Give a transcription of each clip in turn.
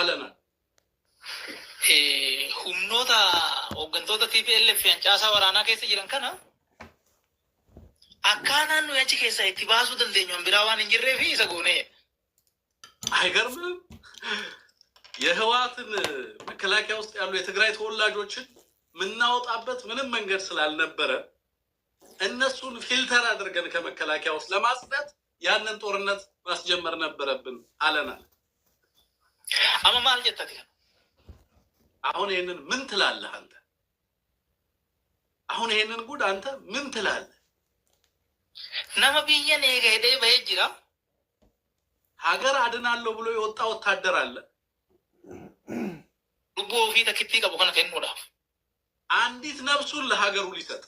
አለናል። ሁምኖታ ኦገንቶታ ቲፒኤልኤፍ ጫሳ ወራና ኬሰ ጅረን ከና አካናኑ ያቺ ኬሳ ቲ ባሱ ደንደኛን ቢራዋን እንጅሬ ፊ ሰጎነ አይገርምም። የህወሓትን መከላከያ ውስጥ ያሉ የትግራይ ተወላጆችን የምናወጣበት ምንም መንገድ ስላልነበረ እነሱን ፊልተር አድርገን ከመከላከያ ውስጥ ለማጽዳት ያንን ጦርነት ማስጀመር ነበረብን አለናል። አመማ አልጀታት አሁን ይህንን ምን ትላለህ አንተ? አሁን ይህንን ጉድ አንተ ምን ትላለህ? ነመ ብዬን ሄደ በጅራ ሀገር አድናለሁ ብሎ የወጣ ወታደር አለ። ልቦ ፊት ክቲ ቀቡ ከነ አንዲት ነብሱን ለሀገሩ ሊሰጥ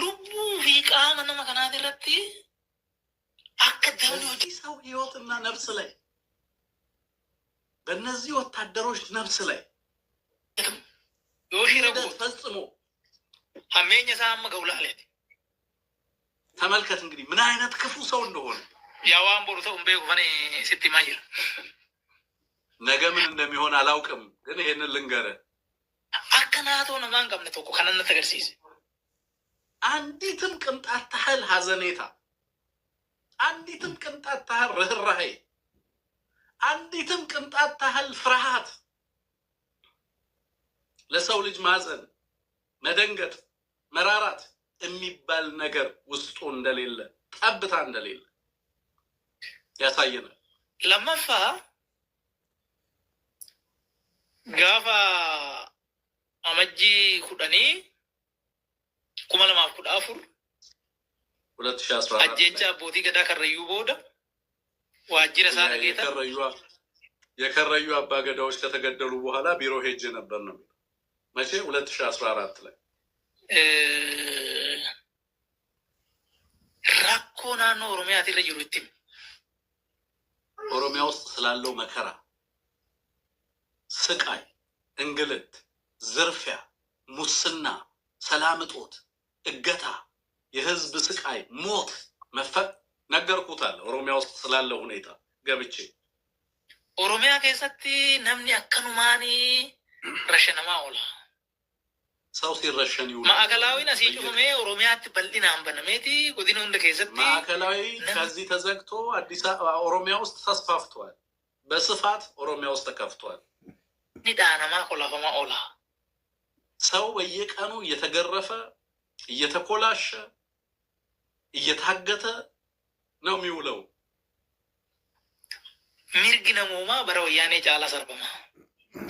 ልቡ ፊ ቃመ ነመ ረቲ አከዳሚ ወደ ሰው ህይወትና ነፍስ ላይ በእነዚህ ወታደሮች ነፍስ ላይ ፈጽሞ ሀሜኛ ሳም ገውላለ ተመልከት እንግዲህ ምን አይነት ክፉ ሰው እንደሆነ ያዋን እንበይ እንቤ ሲቲ ስትማይል ነገ ምን እንደሚሆን አላውቅም፣ ግን ይሄንን ልንገረ አከናቶ ነማን ቀምነቶ ከነነ ተገርሲስ አንዲትም ቅንጣት ታህል ሀዘኔታ አንዲትም ቅንጣት ታህል ርኅራሄ፣ አንዲትም ቅንጣት ታህል ፍርሃት፣ ለሰው ልጅ ማዘን፣ መደንገጥ፣ መራራት የሚባል ነገር ውስጡ እንደሌለ ጠብታ እንደሌለ ያሳየናል። ለመፋ ጋፋ አመጂ ኩደኒ ኩመለማ ኩዳ አፉር አጀንጫ abbootii ገዳ ከረዩ booda ዋጅረ isaa የከረዩ አባ ገዳዎች ከተገደሉ በኋላ ቢሮ ሄጅ ነበር ነው መቼ ሁለት ሺ አስራ አራት ላይ ራኮ ናኖ ኦሮሚያ ላይ ጅሩቲም ኦሮሚያ ውስጥ ስላለው መከራ፣ ስቃይ፣ እንግልት፣ ዝርፊያ፣ ሙስና፣ ሰላም እጦት፣ እገታ የህዝብ ስቃይ፣ ሞት፣ መፈት ነገርኩታል። ኦሮሚያ ውስጥ ስላለ ሁኔታ ገብቼ ኦሮሚያ ከሰቲ ነምኒ አከኑማኒ ረሸነማ ኦላ ሰው ሲረሸን ይውል ይውላል። ማዕከላዊን አሲጩፍሜ ኦሮሚያት በልዲናን በነሜቲ ጉዲኑ እንደ ከሰቲ ማዕከላዊ ከዚህ ተዘግቶ አዲስ አበባ ኦሮሚያ ውስጥ ተስፋፍቷል። በስፋት ኦሮሚያ ውስጥ ተከፍቷል። ኒዳነማ ኮላፈማ ኦላ ሰው በየቀኑ እየተገረፈ እየተኮላሸ እየታገተ ነው የሚውለው። ሚርግ ሚርግነሙማ በረወያኔ ጫላ ሰርበማ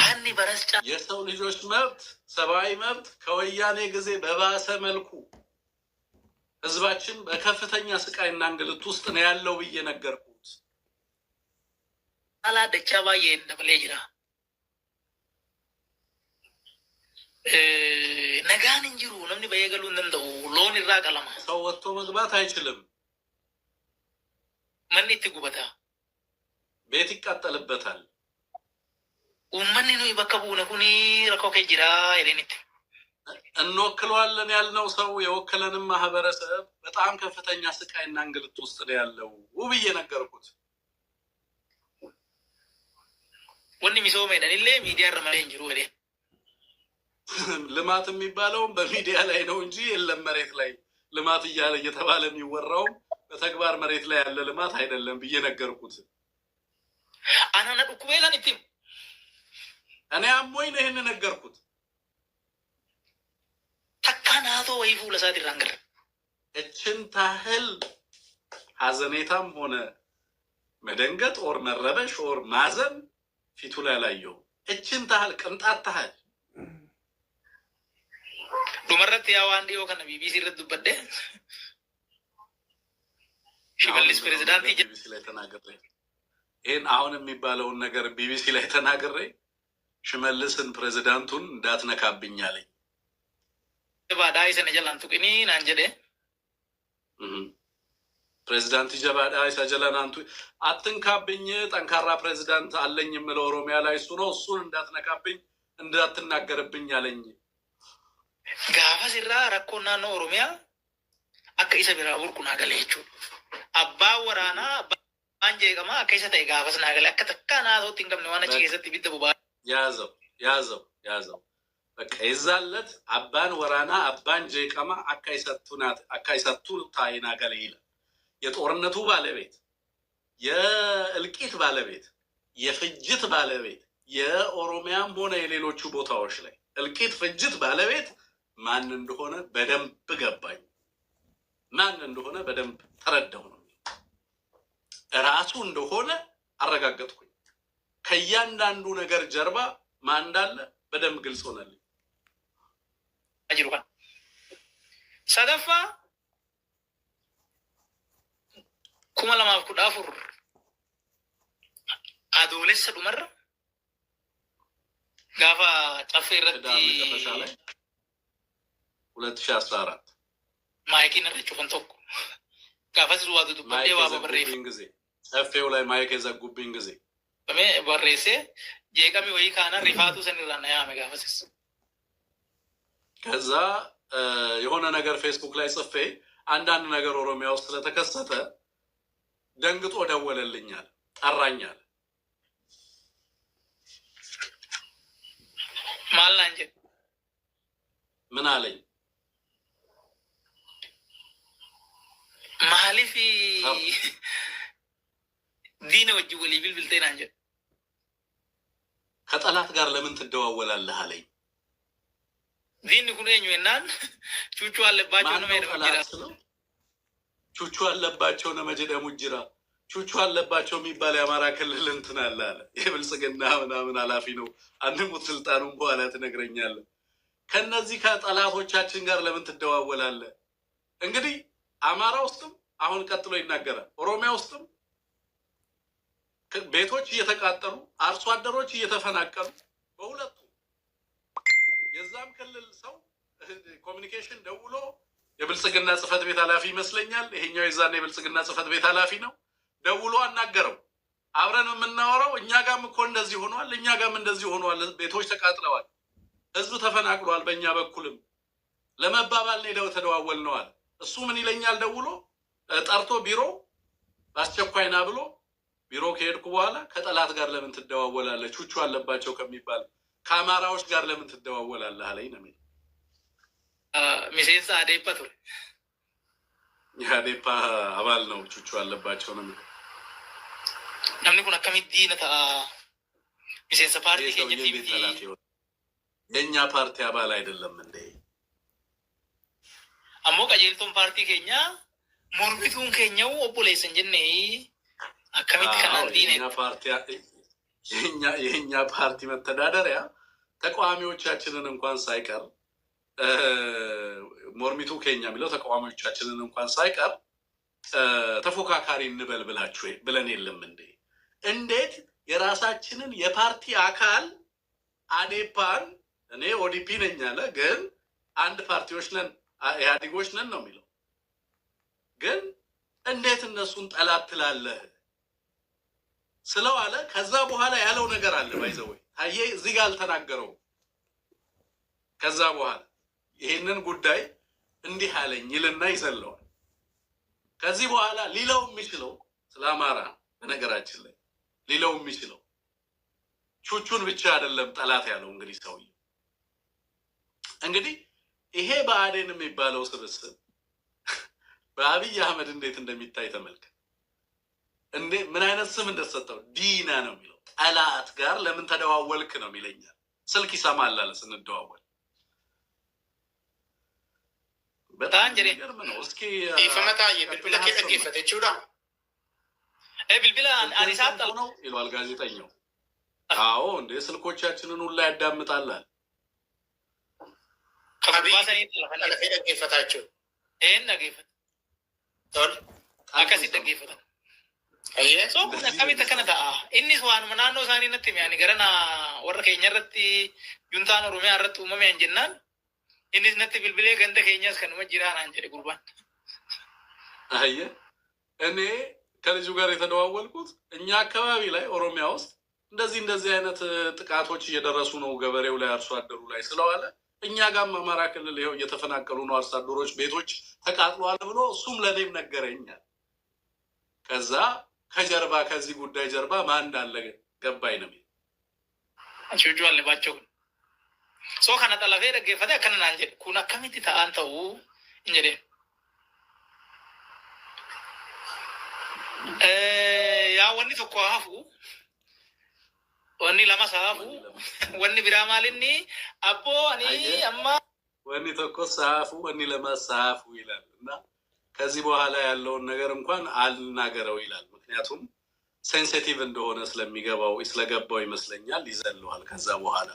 ሀኒ በረስ ጫ የሰው ልጆች መብት ሰብአዊ መብት ከወያኔ ጊዜ በባሰ መልኩ ህዝባችን በከፍተኛ ስቃይና እንግልት ውስጥ ነው ያለው ብዬ ነገርኩት። አላ ደቻ ባየ እንደምሌ ጅራ ነጋን እንጅሩ ነምኒ በየገሉ እንደው ሎን ይራ ቀለማ ሰው ወጥቶ መግባት አይችልም። መን ት ቤት ይቃጠልበታል። ኡመኒ ነው ይበከቡ ነኩኒ ረኮከ ጅራ የሌኒት እንወክለዋለን ያልነው ሰው የወከለንም ማህበረሰብ በጣም ከፍተኛ ስቃይና እንግልት ውስጥ ነው ያለው። ውብ እየነገርኩት ወኒ ሚሶ ሜዳን ሚዲያ ረመ እንጅሩ ወዴ ልማት የሚባለውም በሚዲያ ላይ ነው እንጂ የለም መሬት ላይ ልማት እያለ እየተባለ የሚወራውም በተግባር መሬት ላይ ያለ ልማት አይደለም ብዬ ነገርኩት። እኔ አሞኝ ነው ይህን ነገርኩት። ተካናቶ ወይፉ እችን ታህል ሀዘኔታም ሆነ መደንገጥ ኦር መረበሽ ኦር ማዘን ፊቱ ላይ ላየው እችን ታህል ቅንጣት ታህል Dhumarratti yaa waan dhiyoo kana BBC irratti dubbadde ሽመልስ ፕሬዚዳንት ቢቢሲ ላይ ተናግሬ ይህን አሁን የሚባለውን ነገር ቢቢሲ ላይ ተናግሬ ሽመልስን ፕሬዚዳንቱን እንዳትነካብኝ አለኝ። ጀባዳ ይሰነ ጀላን ቱቅኒ ናን ፕሬዚዳንት ጀባዳ ይሳ ጀላን አንቱ አትንካብኝ፣ ጠንካራ ፕሬዚዳንት አለኝ የምለው ኦሮሚያ ላይ እሱ ነው። እሱን እንዳትነካብኝ እንዳትናገርብኝ አለኝ። gaafas irraa rakkoon naannoo Oromiyaa akka isa biraa burqu naa galee jechuudha. Abbaan waraanaa abbaan jeeqamaa akka isa ta'e gaafas naa galee akka takkaa naa ta'utti hin qabne waan achi keessatti ibidda bobaa. Yaazau yaazau yaazau. በቃ የዛለት አባን ወራና አባን ጀቀማ አካይሰቱ ታይና ገለ ይላል። የጦርነቱ ባለቤት፣ የእልቂት ባለቤት፣ የፍጅት ባለቤት የኦሮሚያም ሆነ የሌሎቹ ቦታዎች ላይ እልቂት፣ ፍጅት ባለቤት ማን እንደሆነ በደንብ ገባኝ። ማን እንደሆነ በደንብ ተረዳሁ ነው ራሱ እንደሆነ አረጋገጥኩኝ። ከእያንዳንዱ ነገር ጀርባ ማን እንዳለ በደንብ ግልጽ ሆነልኝ። ሰደፋ ኩማ ለማፍ ኩዳ አፉር አዶሌሰ ዱመራ ጋፋ ጠፌ ረቲ ሁለት ሺ አስራ አራት ማይክ ጋፈስ ጊዜ ላይ ማይክ የዘጉብኝ ጊዜ በሬሴ ጄቀሚ ወይ ካና ሪፋቱ ከዛ የሆነ ነገር ፌስቡክ ላይ ጽፌ አንዳንድ ነገር ኦሮሚያ ውስጥ ስለተከሰተ ደንግጦ ደወለልኛል፣ ጠራኛል። ምን አለኝ Maaliif diina wajji walii bilbiltee naan jedhu ከጠላት ጋር ለምን ትደዋወላለህ አለኝ። ዲን ኩኑ የኛን ቹቹ አለባቸው ነው ነው ቹቹ አለባቸው ነው መጀዳ ሙጅራ ቹቹ አለባቸው የሚባል የአማራ ክልል እንትን አለ አለ የብልጽግና ምናምን ኃላፊ ነው አንድም ስልጣኑን በኋላ ትነግረኛለህ። ከእነዚህ ከጠላቶቻችን ጋር ለምን ትደዋወላለህ እንግዲህ አማራ ውስጥም አሁን ቀጥሎ ይናገራል። ኦሮሚያ ውስጥም ቤቶች እየተቃጠሉ አርሶ አደሮች እየተፈናቀሉ በሁለቱ የዛም ክልል ሰው ኮሚኒኬሽን ደውሎ የብልጽግና ጽፈት ቤት ኃላፊ ይመስለኛል ይሄኛው የዛን የብልጽግና ጽፈት ቤት ኃላፊ ነው ደውሎ አናገረው። አብረን የምናወራው እኛ ጋም እኮ እንደዚህ ሆኗል፣ እኛ ጋም እንደዚህ ሆኗል፣ ቤቶች ተቃጥለዋል፣ ህዝብ ተፈናቅሏል፣ በእኛ በኩልም ለመባባል ነው ተደዋወል ነዋል እሱ ምን ይለኛል ደውሎ ጠርቶ ቢሮ በአስቸኳይ ና ብሎ ቢሮ ከሄድኩ በኋላ ከጠላት ጋር ለምን ትደዋወላለህ? ቹቹ አለባቸው ከሚባል ከአማራዎች ጋር ለምን ትደዋወላለህ አለኝ ነው የሚለው። አዴፓ ቱ የአዴፓ አባል ነው ቹቹ አለባቸው ነው የሚለው። ኩን kun akkamitti na ፓርቲ miseensa paartii የእኛ ፓርቲ አባል አይደለም እንዴ? ammoo qajeeltuun paartii keenya mormituun keenya obboleessan jennee akkamitti kanaan diine የኛ ፓርቲ መተዳደሪያ ተቃዋሚዎቻችንን እንኳን ሳይቀር ሞርሚቱ ኬኛ የሚለው ተቃዋሚዎቻችንን እንኳን ሳይቀር ተፎካካሪ እንበል ብላችሁ ብለን የለም እንዴ? እንዴት የራሳችንን የፓርቲ አካል አዴፓን እኔ ኦዲፒ ነኝ አለ፣ ግን አንድ ፓርቲዎች ነን ኢህአዴጎች ነን ነው የሚለው። ግን እንዴት እነሱን ጠላት ትላለህ ስለው አለ። ከዛ በኋላ ያለው ነገር አለ ባይዘወይ ታዬ እዚህ ጋር አልተናገረውም። ከዛ በኋላ ይህንን ጉዳይ እንዲህ አለኝ ይልና ይዘለዋል። ከዚህ በኋላ ሊለው የሚችለው ስለ አማራ በነገራችን ላይ ሊለው የሚችለው ቹቹን ብቻ አይደለም ጠላት ያለው እንግዲህ ሰውዬው እንግዲህ ይሄ ብአዴን የሚባለው ስብስብ በአብይ አህመድ እንዴት እንደሚታይ ተመልከት። እንዴ ምን አይነት ስም እንደተሰጠው ዲና ነው የሚለው። ጠላት ጋር ለምን ተደዋወልክ ነው የሚለኛል። ስልክ ይሰማል አለ ስንደዋወል። በጣም ነው። ይሏል ጋዜጠኛው። አዎ እንዴ ስልኮቻችንን ሁላ ያዳምጣላል Qabeetta kana ta'a. Innis waanuma naannoo isaanii natti hime. Ani gara warra keenya irratti juntaan Oromiyaa irratti uumame jennaan innis natti bilbilee ganda keenyas kanuma jiraanaan jedhe gurbaan. አየ እኔ ከልጁ ጋር የተደዋወልኩት እኛ አካባቢ ላይ ኦሮሚያ ውስጥ እንደዚህ እንደዚህ አይነት ጥቃቶች እየደረሱ ነው ገበሬው ላይ አርሶ አደሩ ላይ ስለዋለ እኛ ጋርም አማራ ክልል ይኸው እየተፈናቀሉ ነው። አርሶ አደሮች ቤቶች ተቃጥሏል ብሎ እሱም ለእኔም ነገረኛል። ከዛ ከጀርባ ከዚህ ጉዳይ ጀርባ ማን እንዳለ ገባኝ ነው አለባቸው ሶ ኩን ያ ወኒ ሀፉ ወኒ ለማ ሰሀፉ ወኒ ቢራማልኒ አቦ አኒ አማ ወኒ ተኮ ሳፉ ወኒ ለማ ሰሀፉ ይላል እና ከዚህ በኋላ ያለውን ነገር እንኳን አልናገረው ይላል። ምክንያቱም ሴንሲቲቭ እንደሆነ ስለሚገባው ስለገባው ይመስለኛል ይዘለዋል። ከዛ በኋላ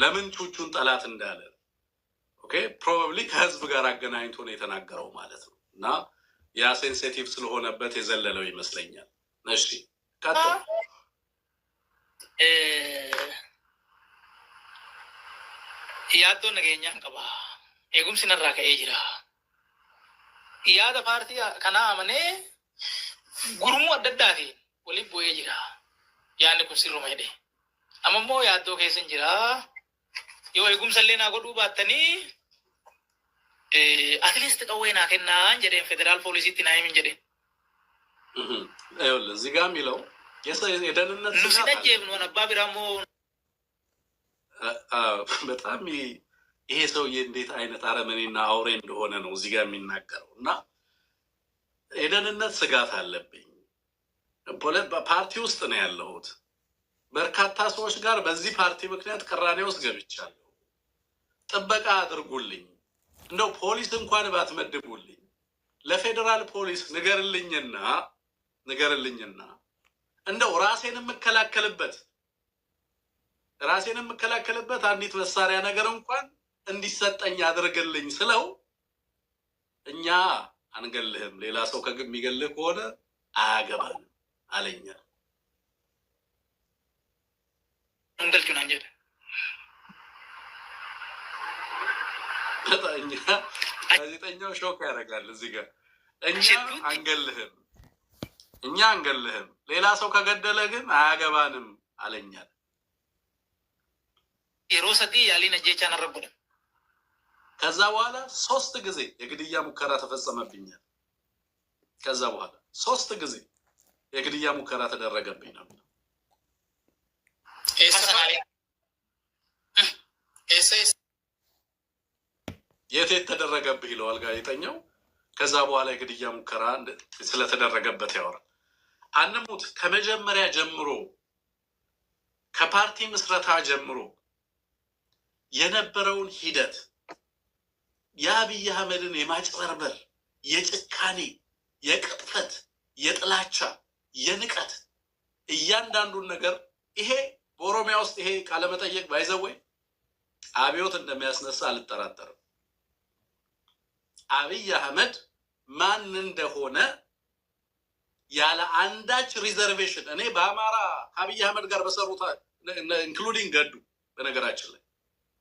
ለምን ቹቹን ጠላት እንዳለ ኦኬ ፕሮባብሊ ከህዝብ ጋር አገናኝቶ ነው የተናገረው ማለት ነው እና ያ ሴንሲቲቭ ስለሆነበት የዘለለው ይመስለኛል። እሺ ቀጥል yaaddoon nageenyaan qaba. Eegumsi narraa ka'ee jira. Yaada paartii kanaa amanee gurmuu adda addaatiin waliin bu'ee jira. Yaadni kun sirruma hidhe. Amammoo yaaddoo keessa hin jira. Yoo eegumsa illee naa godhuu baattanii atleast qawwee naa kennaan jedheen federaal poolisiitti naa himin jedheen. እዚህ ጋር የሚለው የደህንነት በጣም ይሄ ሰውዬ እንዴት አይነት አረመኔና አውሬ እንደሆነ ነው እዚህ ጋር የሚናገረው። እና የደህንነት ስጋት አለብኝ። ፓርቲ ውስጥ ነው ያለሁት። በርካታ ሰዎች ጋር በዚህ ፓርቲ ምክንያት ቅራኔ ውስጥ ገብቻለሁ። ጥበቃ አድርጉልኝ፣ እንደው ፖሊስ እንኳን ባትመድቡልኝ፣ ለፌዴራል ፖሊስ ንገርልኝና ንገርልኝና እንደው ራሴን የምከላከልበት ራሴን የምከላከልበት አንዲት መሳሪያ ነገር እንኳን እንዲሰጠኝ አድርግልኝ ስለው እኛ አንገልህም፣ ሌላ ሰው ከሚገልህ ከሆነ አያገባል አለኛ። ጋዜጠኛው ሾክ ያደርጋል እዚህ ጋር እኛ አንገልህም እኛ አንገልህም፣ ሌላ ሰው ከገደለ ግን አያገባንም አለኛል። ሮሰቲ ያሊነ ጄቻ ነረቡደ ከዛ በኋላ ሶስት ጊዜ የግድያ ሙከራ ተፈጸመብኛል። ከዛ በኋላ ሶስት ጊዜ የግድያ ሙከራ ተደረገብኝ ነበር። የት የት ተደረገብህ ይለዋል ጋዜጠኛው። ከዛ በኋላ የግድያ ሙከራ ስለተደረገበት ያወራል። አንሙት ከመጀመሪያ ጀምሮ ከፓርቲ ምስረታ ጀምሮ የነበረውን ሂደት የአብይ አህመድን የማጭበርበር የጭካኔ የቅጥፈት የጥላቻ የንቀት እያንዳንዱን ነገር ይሄ በኦሮሚያ ውስጥ ይሄ ቃለመጠየቅ ባይዘወይ አብዮት እንደሚያስነሳ አልጠራጠርም። አብይ አህመድ ማን እንደሆነ ያለ አንዳች ሪዘርቬሽን እኔ በአማራ አብይ አህመድ ጋር በሰሩት ኢንክሉዲንግ ገዱ በነገራችን ላይ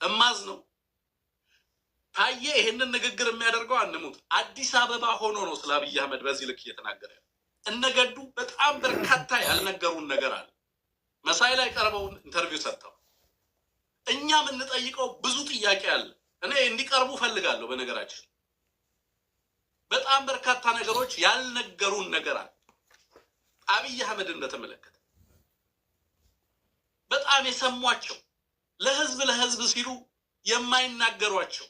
እማዝ ነው ታየ ይህንን ንግግር የሚያደርገው አንሙት አዲስ አበባ ሆኖ ነው ስለ አብይ አህመድ በዚህ ልክ እየተናገረ ያለ። እነገዱ በጣም በርካታ ያልነገሩን ነገር አለ። መሳይ ላይ ቀርበውን ኢንተርቪው ሰጥተው እኛ የምንጠይቀው ብዙ ጥያቄ አለ። እኔ እንዲቀርቡ ፈልጋለሁ። በነገራችን በጣም በርካታ ነገሮች ያልነገሩን ነገር አለ። አብይ አህመድን በተመለከተ በጣም የሰሟቸው ለህዝብ ለህዝብ ሲሉ የማይናገሯቸው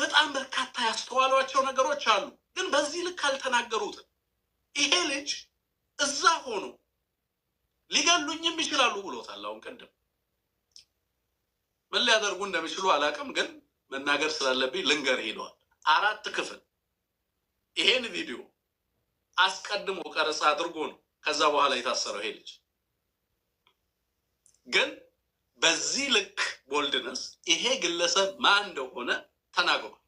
በጣም በርካታ ያስተዋሏቸው ነገሮች አሉ፣ ግን በዚህ ልክ አልተናገሩትም። ይሄ ልጅ እዛ ሆኖ ሊገሉኝም ይችላሉ ብሎታል። አሁን ቅድም ምን ሊያደርጉ እንደሚችሉ አላውቅም፣ ግን መናገር ስላለብኝ ልንገር ሄደዋል አራት ክፍል አስቀድሞ ቀረጻ አድርጎ ነው ከዛ በኋላ የታሰረው ይሄ ልጅ። ግን በዚህ ልክ ቦልድነስ ይሄ ግለሰብ ማን እንደሆነ ተናግሯል።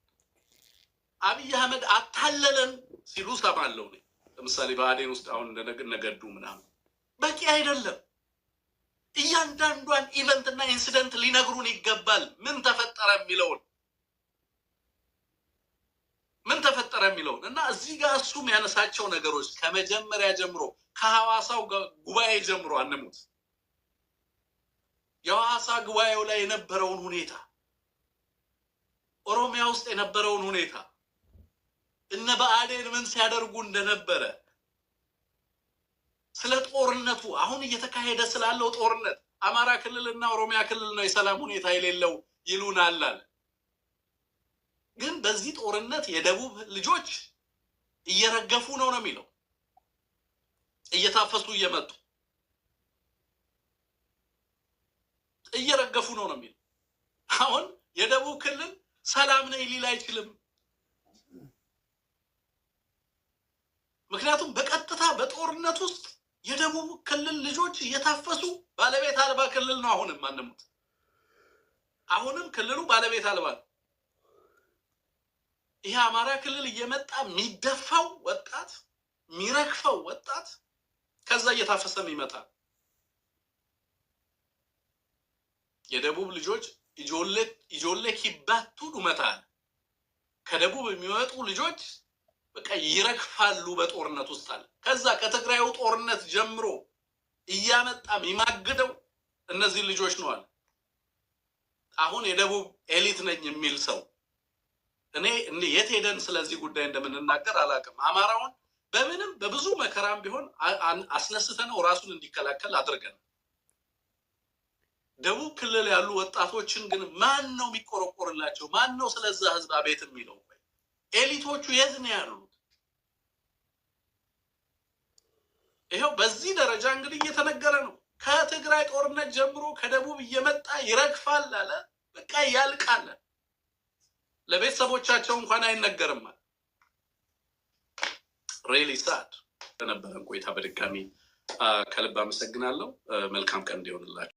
አብይ አህመድ አታለለን ሲሉ ሰማለው። እኔ። ለምሳሌ በአዴን ውስጥ አሁን እንደነገዱ ምናምን በቂ አይደለም። እያንዳንዷን ኢቨንትና ኢንሲደንት ሊነግሩን ይገባል፣ ምን ተፈጠረ የሚለውን ምን ተፈጠረ የሚለውን እና እዚህ ጋር እሱም ያነሳቸው ነገሮች ከመጀመሪያ ጀምሮ ከሐዋሳው ጉባኤ ጀምሮ አንሙት የሐዋሳ ጉባኤው ላይ የነበረውን ሁኔታ፣ ኦሮሚያ ውስጥ የነበረውን ሁኔታ፣ እነ በአዴን ምን ሲያደርጉ እንደነበረ ስለ ጦርነቱ አሁን እየተካሄደ ስላለው ጦርነት አማራ ክልልና ኦሮሚያ ክልል ነው የሰላም ሁኔታ የሌለው ይሉናል ግን በዚህ ጦርነት የደቡብ ልጆች እየረገፉ ነው ነው የሚለው እየታፈሱ እየመጡ እየረገፉ ነው ነው የሚለው። አሁን የደቡብ ክልል ሰላም ነኝ ሊል አይችልም። ምክንያቱም በቀጥታ በጦርነት ውስጥ የደቡብ ክልል ልጆች እየታፈሱ ባለቤት አልባ ክልል ነው። አሁንም አንሙት፣ አሁንም ክልሉ ባለቤት አልባ ነው። ይሄ አማራ ክልል እየመጣ የሚደፋው ወጣት የሚረግፈው ወጣት ከዛ እየታፈሰ ይመጣ። የደቡብ ልጆች ኢጆሌ ኪባቱ ዱመታል። ከደቡብ የሚወጡ ልጆች በቃ ይረግፋሉ በጦርነት ውስጥ አለ። ከዛ ከትግራዩ ጦርነት ጀምሮ እያመጣ የሚማግደው እነዚህ ልጆች ነው አሁን የደቡብ ኤሊት ነኝ የሚል ሰው እኔ የት ሄደን ስለዚህ ጉዳይ እንደምንናገር አላውቅም። አማራውን በምንም በብዙ መከራም ቢሆን አስነስተነው ራሱን እንዲከላከል አድርገን ደቡብ ክልል ያሉ ወጣቶችን ግን ማን ነው የሚቆረቆርላቸው? ማን ነው ስለዛ ህዝብ አቤት የሚለው? ኤሊቶቹ የት ነው ያሉት? ይኸው በዚህ ደረጃ እንግዲህ እየተነገረ ነው። ከትግራይ ጦርነት ጀምሮ ከደቡብ እየመጣ ይረግፋል አለ። በቃ ያልቃለን ለቤተሰቦቻቸው እንኳን አይነገርም። ሬሊ ሳድ በነበረን ቆይታ በድጋሚ ከልብ አመሰግናለሁ። መልካም ቀን እንዲሆንላቸው